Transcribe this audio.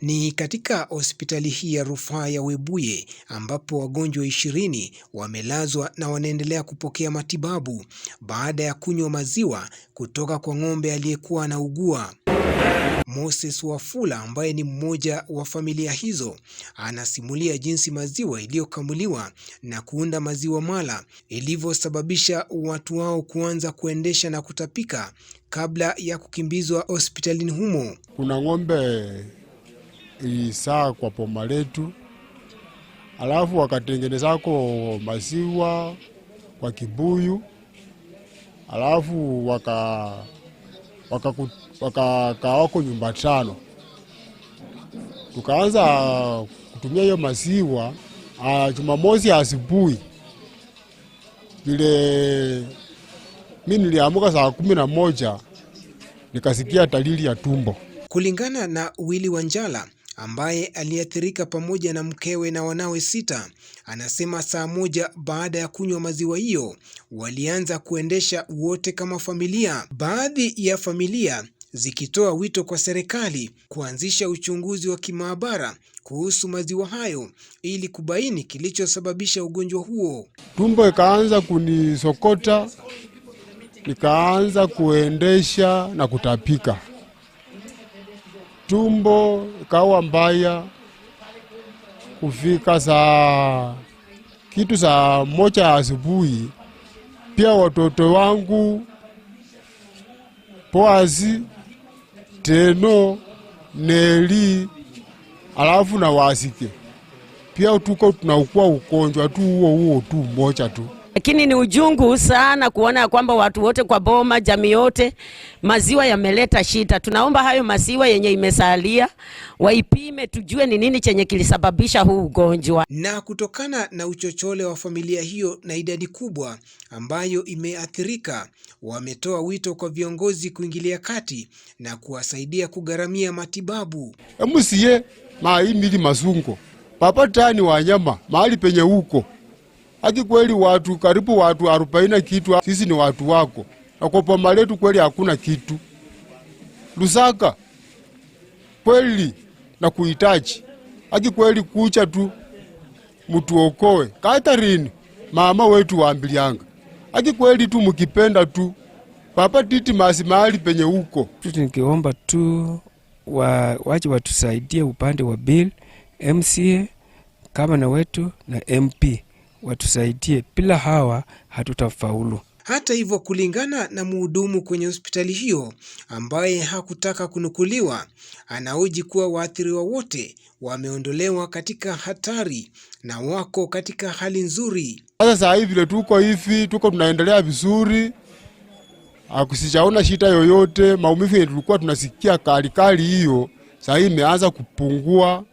Ni katika hospitali hii ya rufaa ya Webuye ambapo wagonjwa ishirini wamelazwa na wanaendelea kupokea matibabu baada ya kunywa maziwa kutoka kwa ng'ombe aliyekuwa anaugua. Moses Wafula ambaye ni mmoja wa familia hizo anasimulia jinsi maziwa iliyokamuliwa na kuunda maziwa mala ilivyosababisha watu wao kuanza kuendesha na kutapika kabla ya kukimbizwa hospitalini humo. Kuna ng'ombe ilisaa kwa poma letu, alafu wakatengenezako maziwa kwa kibuyu, alafu waka wakakaa wako nyumba tano, tukaanza kutumia hiyo maziwa. Ah, Jumamosi asubuhi vile mi niliamuka saa kumi na moja nikasikia dalili ya tumbo. Kulingana na wa Wanjala ambaye aliathirika pamoja na mkewe na wanawe sita, anasema saa moja baada ya kunywa maziwa hiyo walianza kuendesha wote kama familia, baadhi ya familia zikitoa wito kwa serikali kuanzisha uchunguzi wa kimaabara kuhusu maziwa hayo ili kubaini kilichosababisha ugonjwa huo. Tumbo ikaanza kunisokota, nikaanza kuendesha na kutapika tumbo ikawa mbaya kufika saa kitu saa moja asubuhi. Pia watoto wangu Poasi, Teno, Neli alafu na Wasike pia tuko tunaukua ukonjwa tu huo huo tu mmoja tu. Lakini ni ujungu sana kuona ya kwamba watu wote kwa boma, jamii yote, maziwa yameleta shida. Tunaomba hayo maziwa yenye imesalia waipime, tujue ni nini chenye kilisababisha huu ugonjwa. Na kutokana na uchochole wa familia hiyo na idadi kubwa ambayo imeathirika, wametoa wito kwa viongozi kuingilia kati na kuwasaidia kugharamia matibabu. Msiye maimili masungo papatani wanyama mahali penye huko Haki kweli, watu karibu watu arobaini kitu, sisi ni watu wako, na kwa boma letu kweli hakuna kitu. Lusaka kweli na kuhitaji haki kweli, kucha tu mtuokoe. katarini mama wetu waambilianga haki kweli tu, mkipenda tu Papa Titi masimali penye huko tu, nikiomba tu wa, waje watusaidie upande wa bill MCA, na wetu na MP watusaidie, bila hawa hatutafaulu. Hata hivyo, kulingana na mhudumu kwenye hospitali hiyo ambaye hakutaka kunukuliwa, anaoji kuwa waathiriwa wote wameondolewa katika hatari na wako katika hali nzuri. Sasa saa hii vile tuko hivi, tuko tunaendelea vizuri, akusichaona shida yoyote. Maumivu yetu tulikuwa tunasikia kalikali hiyo, saa hii imeanza kupungua.